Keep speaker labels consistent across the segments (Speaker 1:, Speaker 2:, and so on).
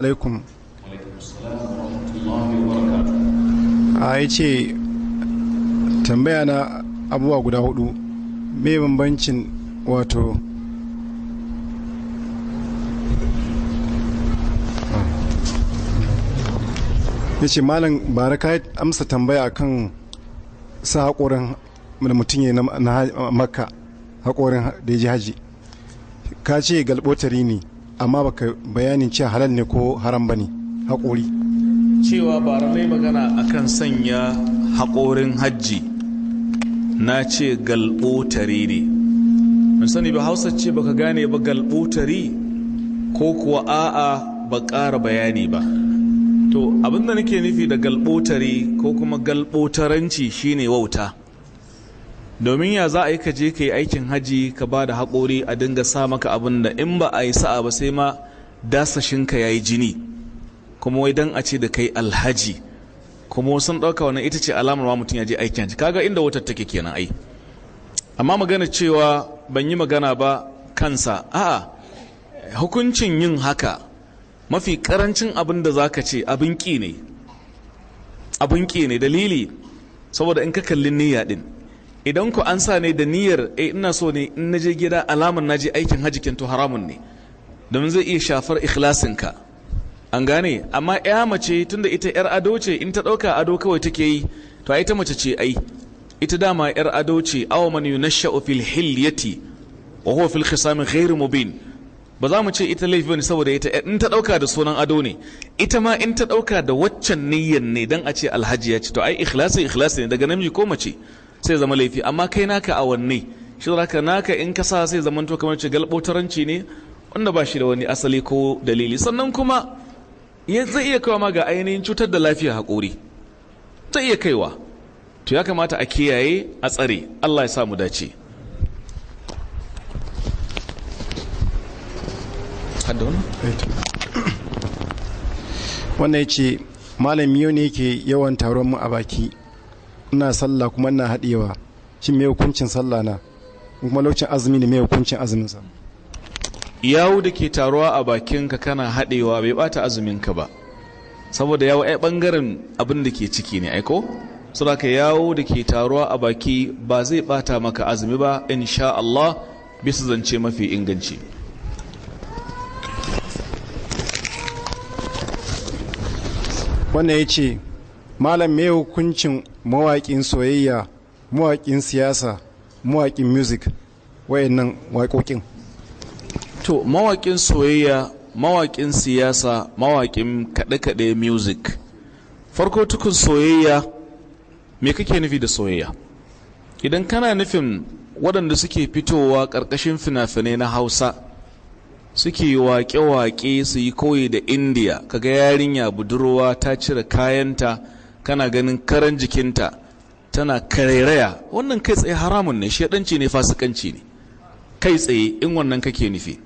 Speaker 1: alaikum a ya ce tambaya na abubuwa guda hudu mai bambancin wato ya ce malam bara ka amsa tambaya kan sa haƙorin da mutum ya na makka haƙorin da ya ji haji ka ce galbotari ne amma baka bayanin cewa halal ne ko haram bane haƙori
Speaker 2: cewa baramai magana akan sanya hakorin hajji na ce galɓotari ne mun sani ba hausa ce baka gane ba galɓotari ko kuwa a'a ba ƙara bayani ba to abinda nake nufi da galɓotari ko kuma galɓotaranci shine wauta domin ya za a yi ka je ka yi aikin haji ka ba da haƙori a dinga sa maka abin da in ba a yi sa'a ba sai ma dasashinka ya yi jini kuma wai don a ce da kai alhaji kuma sun ɗauka wannan ita ce alamar ma mutum ya je aikin haji kaga inda wutar take kenan ai amma magana cewa ban yi magana ba kansa a'a hukuncin yin haka mafi karancin abin da zaka ce abin ƙi ne dalili saboda in ka kalli niyya ɗin. idan ku an sa ne da niyyar eh ina so ne in naje gida alamar naje aikin haji kin to haramun ne domin zai iya shafar ikhlasinka an gane amma ya mace tunda ita yar ado ce in ta dauka ado kawai take yi to ai ta mace ce ai ita dama yar ado ce aw man yunashsha'u fil hilyati wa huwa fil khisam ghayr mubin ba za mu ce ita laifi ne saboda ita in ta dauka da sunan ado ne ita ma in ta dauka da waccan niyyar ne dan a ce alhaji ya ce to ai ikhlasi ikhlasi ne daga namiji ko mace sai zama laifi amma kai naka awanni shi zaka naka in ka sa sai zaman to kamar ce galbotaranci ne wanda ba shi da wani asali ko dalili sannan kuma ya zai iya kaiwa ma ga ainihin cutar da lafiya haƙuri zai iya kaiwa to ya kamata a kiyaye a tsare Allah ya sa mu dace
Speaker 1: wannan ya ce malam yau ne ke yawan taron mu a baki ina sallah kuma ina haɗewa shi mai hukuncin sallah na kuma lokacin azumi ne mai hukuncin azumin sa
Speaker 2: yawo da ke taruwa a bakinka kana haɗewa bai bata azuminka ba saboda yawo ai bangaren abin da ke ciki ne aiko saboda yawo da ke taruwa a baki ba zai bata maka azumi ba insha Allah bisa zance mafi inganci
Speaker 1: wannan ya ce malam mai hukuncin mawaƙin soyayya mawaƙin siyasa mawaƙin music wayannan waƙoƙin
Speaker 2: to mawaƙin soyayya mawaƙin siyasa mawaƙin kaɗe-kaɗe music farko tukun soyayya me kake nufi da soyayya idan kana nufin waɗanda suke fitowa ƙarƙashin fina-finai na hausa suke waƙe-waƙe su yi koyi da indiya kaga yarinya budurwa ta cire kayanta kana ganin karan jikinta tana karairaya wannan kai tsaye haramun ne shaɗanci ne fasikanci ne kai tsaye in wannan kake nufi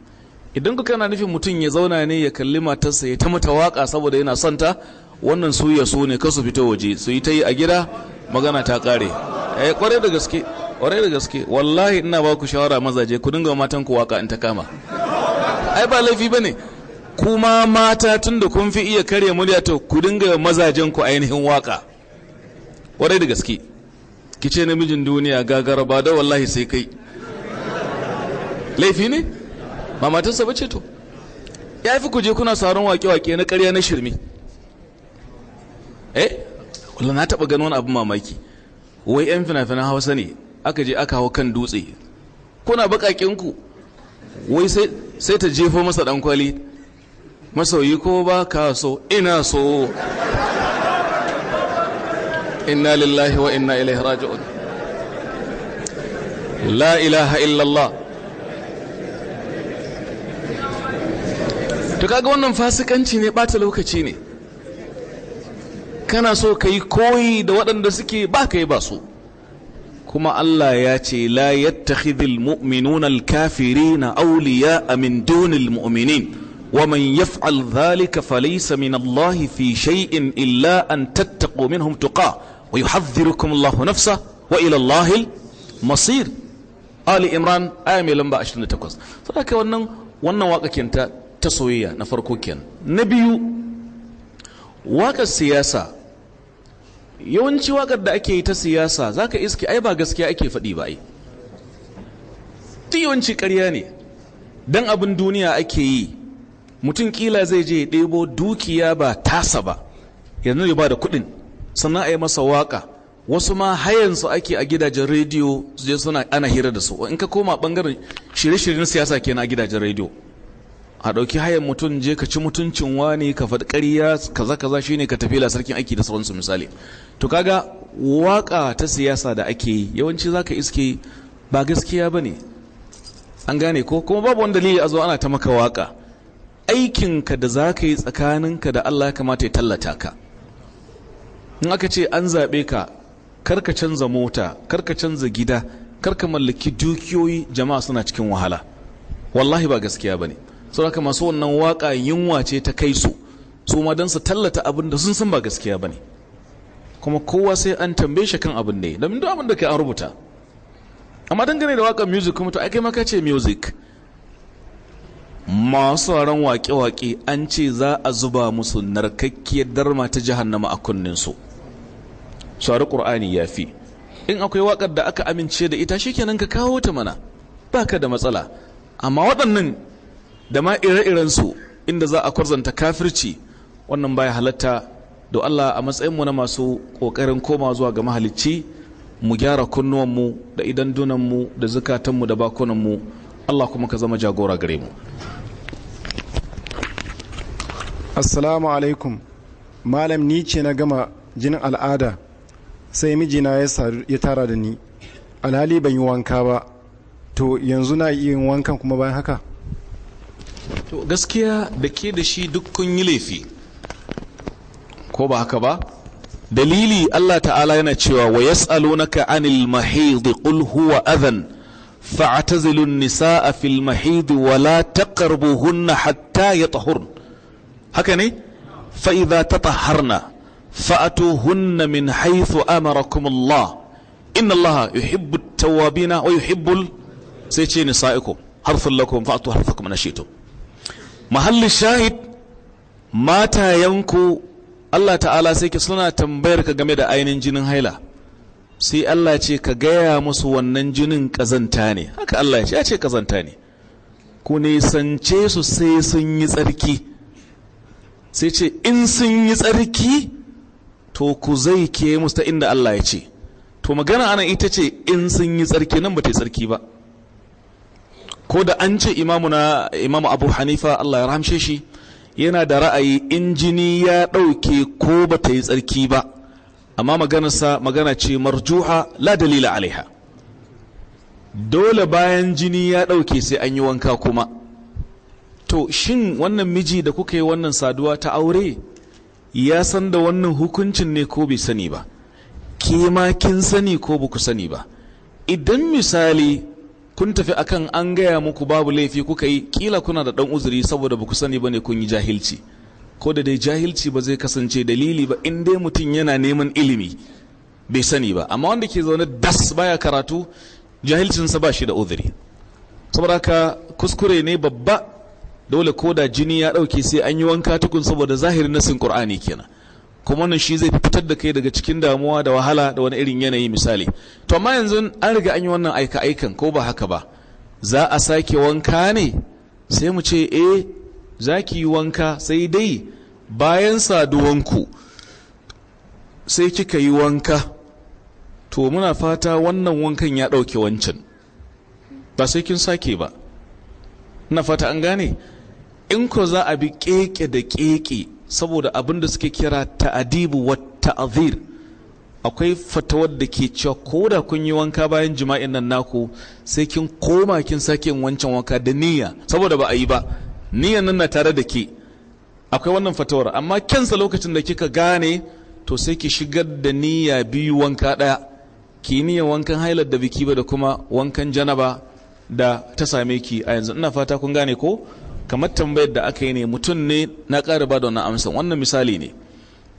Speaker 2: idan ku kana nufin mutum ya zauna ne ya kalli matarsa ya ta mata waka saboda yana son ta wannan su ya so ne kasu fito waje su yi ta yi a gida magana ta kare eh kware da gaske kware da gaske wallahi ina ba ku shawara mazaje ku dinga matan ku waka in ta kama ai ba laifi bane kuma mata tun da kun fi iya karya murya to ku dinga mazajen ku ainihin waka warai da gaske ki ce namijin duniya gagara ba da wallahi sai kai laifi ne ba matarsa ce to ya fi kuje kuna sauran wake-wake na karya na shirme eh wala na taɓa gano wani abin mamaki wai 'yan fina-finan hausa ne aka je aka hau kan dutse kuna baƙaƙinku wai sai ta jefo masa kwali Masauyi ko ba ka so ina so inna lillahi wa inna ilaihi raji'un la ilaha illallah to kaga wannan fasikanci ne bata lokaci ne kana so kayi koyi da waɗanda suke ba ka yi ba su kuma Allah ya ce la yattakhidhul mu'minuna al-kafirina awliya min dunil mu'minin ومن يفعل ذلك فليس من الله في شيء إلا أن تتقوا منهم تقاه ويحذركم الله نفسه وإلى الله المصير آل إمران آية من لمبا أشتن تكوز فلاك ونن ونن واقع كنت تسوية نفركو كن نبي واقع السياسة yawanci wakar da ake yi ta siyasa za ka iske ai ba gaskiya ake faɗi ba ai yawanci ƙarya ne don abin duniya ake yi mutum kila zai je ɗebo dukiya ba tasa ba yanzu ya ba da kuɗin sannan a yi masa waka wasu ma hayansu ake a gidajen rediyo su je suna ana hira da su in ka koma bangaren shirye-shiryen siyasa ke a gidajen rediyo a ɗauki hayan mutum je ka ci mutuncin wani ka faɗi ƙarya kaza kaza shine ka tafi sarkin aiki da sauransu misali to kaga waka ta siyasa da ake yi yawanci zaka iske ba gaskiya ne an gane ko kuma babu wani dalili a zo ana ta maka waka aikinka da za ka yi tsakaninka da Allah ya kamata ya tallata ka in aka ce an zaɓe ka karka canza mota karka canza gida karka mallaki dukiyoyi jama'a suna cikin wahala wallahi ba gaskiya ba ne haka masu wannan waka yunwa ce ta kai su su ma don su tallata abin da sun san ba gaskiya ba ne kuma kowa sai an tambaye shi kan abin ne domin duk abin da kai an rubuta amma dangane da waƙar music kuma to ai kai ma ka ce music masu ran waƙe-waƙe an ce za a zuba musu narkakkiyar darma ta jahannama a kunninsu sauri ƙur'ani ya fi in akwai waƙar da aka amince da ita shikenan ka kawo ta mana ba ka da matsala amma waɗannan da ma ire-irensu inda za a kwarzanta kafirci wannan baya halatta da Allah a matsayinmu na masu ƙoƙarin koma zuwa ga mahalicci mu gyara kunnuwanmu da idan dunanmu da zukatanmu da bakunanmu Allah kuma ka zama jagora gare mu assalamu
Speaker 1: alaikum malam ni ce na gama jinin al'ada sai mijina ya tara da ni alhali ban yi wanka ba to yanzu na iya yin wankan kuma bayan haka
Speaker 2: to gaskiya da ke da shi dukkan yi laifi ko ba haka ba dalili Allah ta'ala yana cewa wa yas'alunaka anil mahid qul huwa adhan fa'tazilu an-nisaa fil mahid wa la hunna hatta yatahurn haka ne fa idza tatahharna fa'tuhunna min haythu amarakum Allah inna Allah yuhibbu at-tawwabina wa yuhibbu sai ce nisaikum harfun lakum fa'tu harfakum na shito mahallin shahid matayanku Allah ta'ala sai suna tambayarka game da ainihin jinin haila sai Allah ce ka gaya musu wannan jinin kazanta ne haka Allah ya ce kazanta ne ku nisance su sai sun yi tsarki sai ce in sun yi tsarki to ku zai ke musu ta inda Allah ya ce to magana ana ita ce in sun yi tsarki nan ba ta yi tsarki ba ko da an ce imamu na imamu abu hanifa Allah ya ramshe shi yana da ra'ayi in jini ya ɗauke ko ba ta yi tsarki ba amma maganarsa magana ce marjuha la dalila alaiha dole bayan jini ya ɗauke sai an yi wanka kuma to shin wannan miji da kuka yi wannan saduwa ta aure ya san da wannan hukuncin ne ko bai sani ba ke ma kin sani ko ba ku sani ba idan misali kun tafi akan an gaya muku babu laifi kuka yi kila kuna da ɗan uzuri saboda ba ku sani ba ne kun yi jahilci ko da dai jahilci ba zai kasance dalili ba in dai mutum yana neman ilimi bai sani ba amma wanda ke zaune das baya karatu jahilcinsa ba shi da uzuri saboda haka kuskure ne babba dole ko da jini ya ɗauke sai an yi wanka tukun saboda zahirin nasin qur'ani kenan kuma wannan shi zai fitar da kai daga cikin damuwa da wahala da wani irin yanayi misali to amma yanzu an riga an yi wannan aika aikan ko ba haka ba za a sake wanka ne sai mu ce eh za ki yi wanka sai dai bayan saduwanku sai kika yi wanka to muna fata wannan wankan ya ɗauke wancan ba sai kin sake ba na fata an gane in ko za a bi keke da keke saboda abin da suke kira ta'adibu wa ta'azir akwai fatawar da ke cewa ko da kun yi wanka bayan jima'in nan naku sai kin koma kin sake wancan wanka da niyya saboda ba a yi ba niyan nan na tare da ke akwai wannan fatawar amma kyansa lokacin da kika gane to sai ki shigar da niyya biyu wanka ɗaya ki niyan wankan hailar da biki ba da kuma wankan janaba da ta same ki a yanzu ina fata kun gane ko kamar tambayar da aka yi ne mutum ne na ƙara ba da wannan amsa wannan misali ne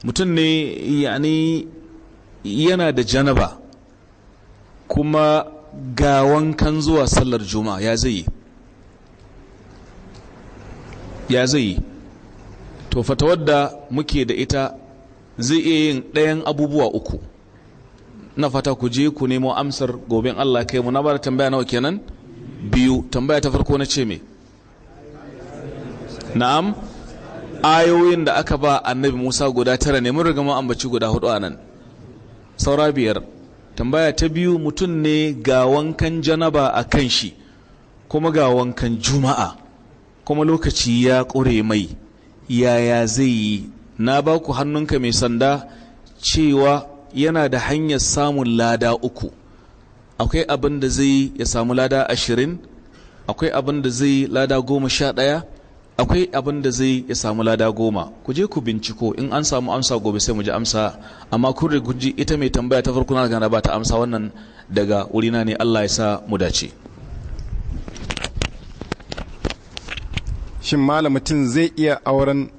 Speaker 2: mutum ne yani yana da janaba kuma ga wankan zuwa sallar juma'a ya zai yi. ya zai yi to fatawar da muke da ita zai iya yin ɗayan abubuwa uku na fata ku je ku nemo amsar gobin Allah kai mu na da tambaya nawa kenan biyu tambaya ta farko na ce me na'am ayoyin da aka ba annabi Musa guda tara ne mun riga mun ambaci guda hudu anan. saura biyar tambaya ta biyu mutum ne ga wankan janaba a kan shi kuma ga wankan juma'a kuma lokaci ya ƙure mai yaya zai yi na ba ku hannunka mai sanda cewa yana da hanyar samun lada uku akwai abin da zai ya samu lada ashirin akwai abin da zai lada goma sha ɗaya akwai abin da zai ya samu lada goma ku je ku binciko in an samu amsa gobe sai mu ji amsa amma kun ji ita mai tambaya ta farko na gana ba ta amsa wannan daga wurina ne allah ya sa mu dace shin malam mutum zai iya auren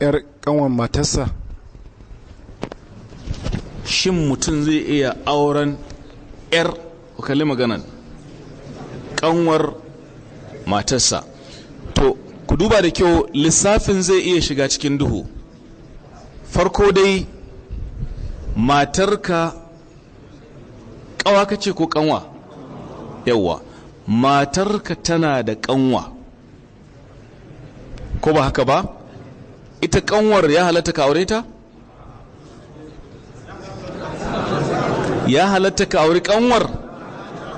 Speaker 2: 'yar
Speaker 1: kanwan matarsa
Speaker 2: shin mutum zai iya auren 'yar kalli maganan kanwar matarsa to ku duba da kyau lissafin zai iya shiga cikin duhu farko dai matarka kawa ce ko kanwa yawwa matarka tana da kanwa ko ba haka ba ita kanwar ya halatta ka aure ta ya halatta ka aure kanwar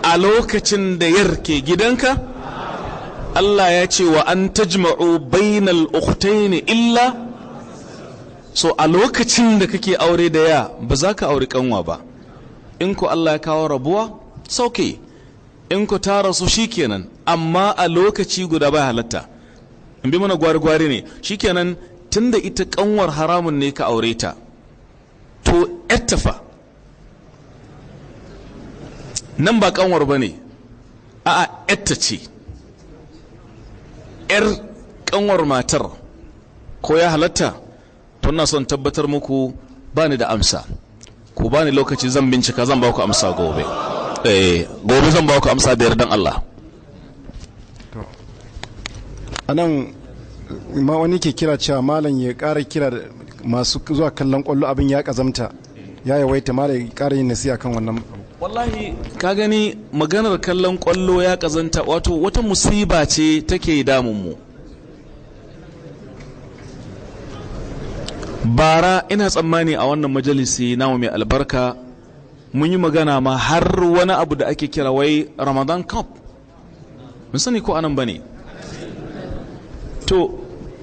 Speaker 2: a lokacin da yarke gidanka Allah ya ce wa an tajma'u bainal ukhtaini illa so a lokacin da kake aure da ya ba za ka aure kanwa ba in ku Allah ya kawo rabuwa sauke in ku tara su shikenan amma a lokaci guda bai halatta in bi mana gwari-gwari ne shikenan tunda ita kanwar haramun ne ka aure ta to ettafa nan ba kanwar ba ne a'a etta ce yar kanwar matar ko ya halatta to na son tabbatar muku ba ni da amsa ku ba ni lokaci zan bincika zan ba ku amsa gobe eh, gobe zan ba ku amsa da yardan Allah
Speaker 1: a nan ma wani ke kira cewa malam ya ƙara kira masu zuwa kallon kwallo abin ya ƙazamta ya yawaita malam ya ƙara yin nasiya kan
Speaker 2: wannan wallahi ka gani maganar kallon kwallo ya ƙazanta wato wata musiba ce take damun mu bara ina tsammani a wannan majalisi na mai albarka mun yi magana ma har wani abu da ake kira wai ramadan cup mun sani ko anan bane ne to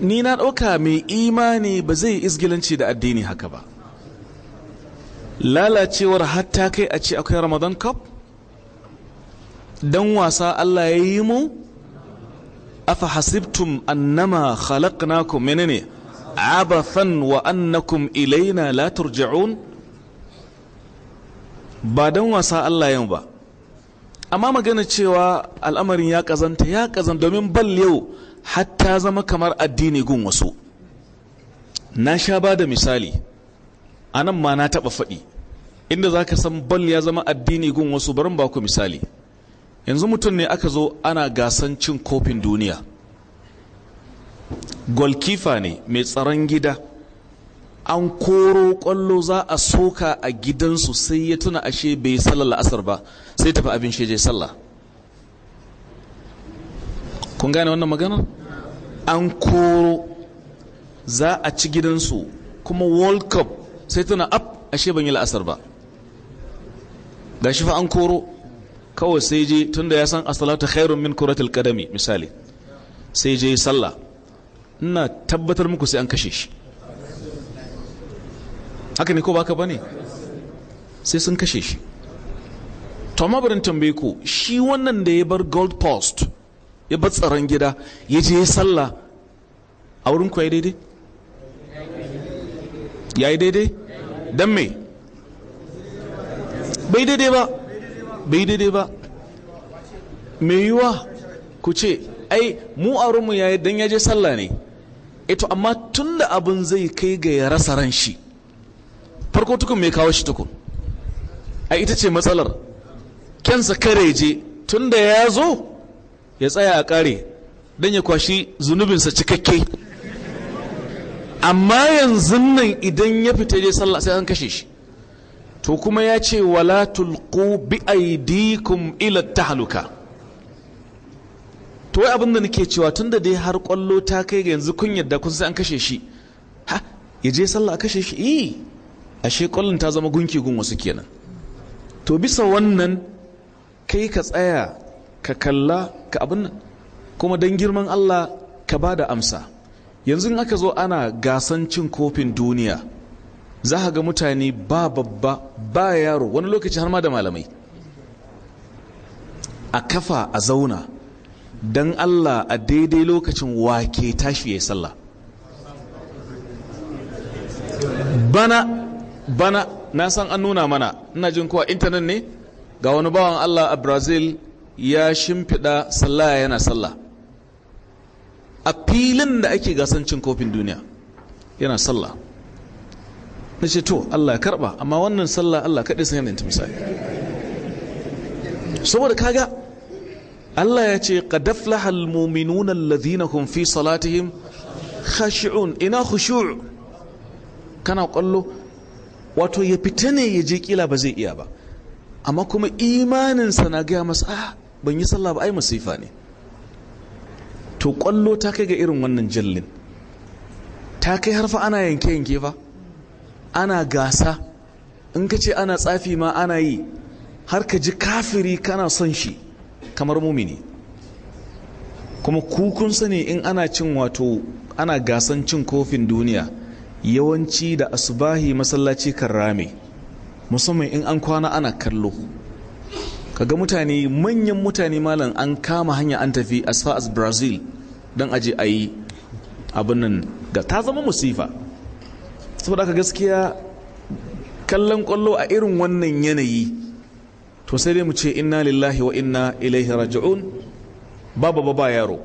Speaker 2: ni na ɗauka mai imani ba zai izgilanci da addini haka ba lalacewar hatta kai a ce akwai ramadan cup don wasa allah ya yi mu afa hasibtum annama khalaqnakum menene abathan wa annakum ilaina la turja'un ba don wasa allah yau ba amma magana cewa al'amarin ya kazanta ya kazanta domin bal yau hatta zama kamar addini gun wasu na sha ba da misali a nan ma na taɓa faɗi inda za ka san bal ya zama addini gun wasu barin ba ku misali yanzu mutum ne aka zo ana gasan cin kofin duniya golkifa ne mai tsaron gida an koro kwallo za a soka a gidansu sai ya tuna ashe bai sallar la'asar ba sai tafi abin shi je sallah kun gane wannan maganar. an koro za a ci gidansu kuma world cup sai tana up ashe ban yi la'asar ba ga shi fa an koro kawai sai je tunda ya san asalata khairun min kuratul kadami misali sai je sallah ina tabbatar muku sai an kashe shi haka ne ko baka bane sai sun kashe shi to ma barin tambaye ku shi wannan da ya bar gold post ya bar tsaron gida ya je ya sallah a wurin ku ya daidai ya yi daidai don me bai daidai ba bai daidai ba mai yiwa ku ce ai mu a wurinmu ya yi don ya je sallah ne eto eh amma tun da abin zai kai ga ya rasa ran shi farko tukun mai kawo shi tukun ai ita ce matsalar kyansa kare je tun da ya zo ya tsaya a kare don ya kwashi zunubinsa cikakke amma yanzu nan idan ya fita je sallah sai an kashe shi to kuma ya ce wala tulqu bi aidikum ila tahluka to wai abin da nake cewa tun da dai har kwallo ta kai ga yanzu kun yadda kun sai an kashe shi ha ya je sallah kashe shi eh ashe kwallon ta zama gunki gun wasu kenan to bisa wannan kai ka tsaya ka kalla ka abin nan kuma don girman Allah ka ba da amsa yanzu aka zo ana gasan cin kofin duniya za ka ga mutane ba babba ba yaro wani lokaci har ma da malamai a kafa a zauna don Allah a daidai lokacin wake tashi ya sallah bana bana na san an nuna mana ina jin kowa intanet ne ga wani bawan Allah a brazil ya shimfiɗa sallaya yana sallah a filin da ake gasan cin kofin duniya yana sallah na ce to Allah ya karba amma wannan sallah Allah kaɗai sun yanayin ta misali saboda kaga Allah ya ce qadaflaha almu'minuna alladhina kun fi salatihim khashi'un ina khushu' kana kwallo wato ya fita ne ya je kila ba zai iya ba amma kuma imaninsa na gaya masa ah, ban yi sallah ba ai masifa ne to kwallo ta kai ga irin wannan jallin ta kai harfa ana yanke-yanke fa ana gasa in ka ce ana tsafi ma ana yi har ka ji kafiri kana son shi kamar mumini kuma kukun sani in ana cin wato ana gasan cin kofin duniya yawanci da asubahi masallaci kan rame musamman in an kwana ana kallo kaga mutane manyan mutane malam an kama hanya an tafi as far as brazil don aje a yi abin ga ta zama musifa saboda ka gaskiya kallon kwallo a irin wannan yanayi to sai dai mu ce inna lillahi wa inna ilaihi raji'un babu ba yaro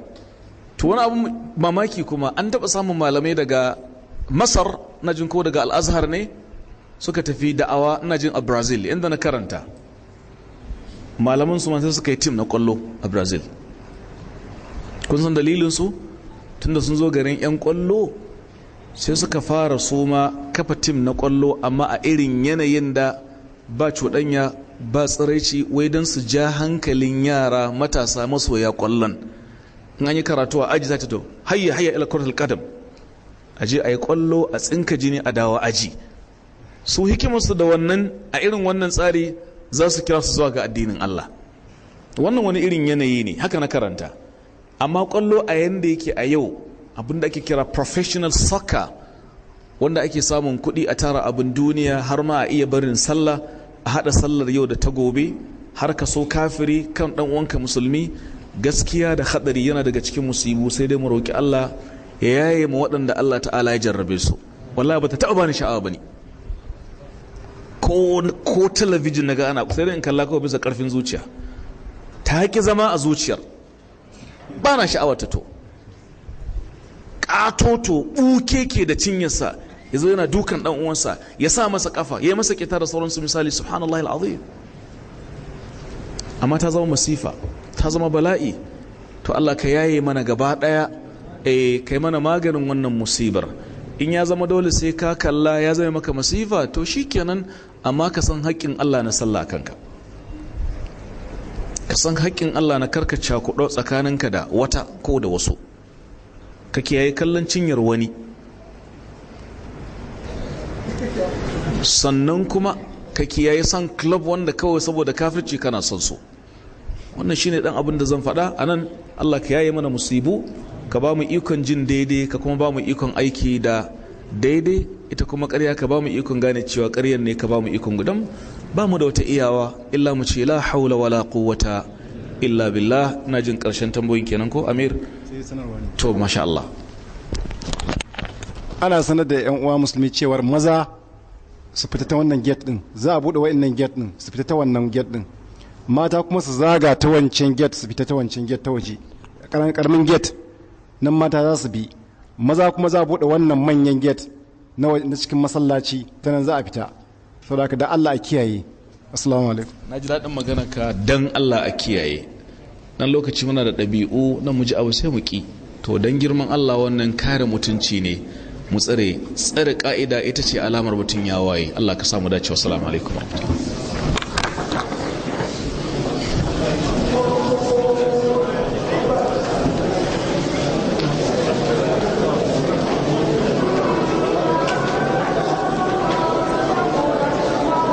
Speaker 2: to wani abu mamaki kuma an taba samun malamai daga masar na jinko daga al'azhar ne suka tafi da'awa ina jin a brazil inda na karanta malaman su sai suka yi tim na kwallo a brazil kun san dalilinsu su tunda sun zo garin 'yan kwallo sai suka fara suma kafa tim na kwallo amma a irin yanayin da ba cuɗanya ba tsiraici wai don su ja hankalin yara matasa masoya kwallon in an yi karatu a aji za ta to hayya hayya ila kwartal kadam a je a yi kwallo a tsinka jini a dawa aji su hikimarsu da wannan a irin wannan tsari za su kira su zuwa ga addinin Allah wannan wani irin yanayi ne haka na karanta amma kwallo a yanda yake a yau abinda ake kira professional soccer wanda ake samun kuɗi a tara abin duniya har ma a iya barin sallah a haɗa sallar yau da ta gobe har ka so kafiri kan ɗan uwanka musulmi gaskiya da haɗari yana daga cikin musibu sai dai mu roƙi Allah ya yaye mu waɗanda Allah ta'ala ya jarrabe su wallahi ta taɓa bani sha'awa bane ko talabijin na ga ana sai in kalla kawai bisa karfin zuciya ta haƙi zama a zuciyar ba na sha'awar ta to ƙatoto ɓuke ke da cinyarsa ya zo yana dukan ɗan uwansa ya sa masa ƙafa ya yi masa ƙeta da sauransu misali subhanallah al'azim amma ta zama masifa ta zama bala'i to Allah ka yaye mana gaba ɗaya eh kai mana maganin wannan musibar in ya zama dole sai ka kalla ya zama maka masifa to shikenan amma ka san haƙƙin Allah na sallah kanka ka san haƙƙin Allah na karka kuɗo tsakaninka da wata ko da wasu ka kiyaye kallon cinyar wani sannan kuma ka kiyaye san club wanda kawai saboda kafirci kana son su wannan shine dan abin da zan faɗa anan Allah ka yaye mana musibu ka ba mu ikon jin daidai ka kuma ba mu ikon aiki da daidai ita kuma ƙarya ka ba mu ikon gane cewa ƙaryar ne ka ba mu ikon gudan ba mu da wata iyawa illa mu ce la haula wala quwwata illa billah na jin ƙarshen tambayoyin kenan ko amir to masha Allah ana sanar da yan
Speaker 1: uwa musulmi cewar maza su fita ta wannan gate din za a bude wa'annan gate din su fita ta wannan gate din mata kuma su zaga ta wancan gate su fita ta wancan gate ta waje karamin gate nan mata za su bi maza kuma za a buɗe wannan manyan get na cikin masallaci ta nan za a fita saboda da Allah a kiyaye assalamu alaikum
Speaker 2: na ji daɗin magana ka dan Allah a kiyaye nan lokaci muna da ɗabi'u na muji abu sai mu ki to dan girman Allah wannan kare mutunci ne mu tsare tsare ka'ida ita ce alamar mutum ya waye Allah ka samu dacewa assalamu alaikum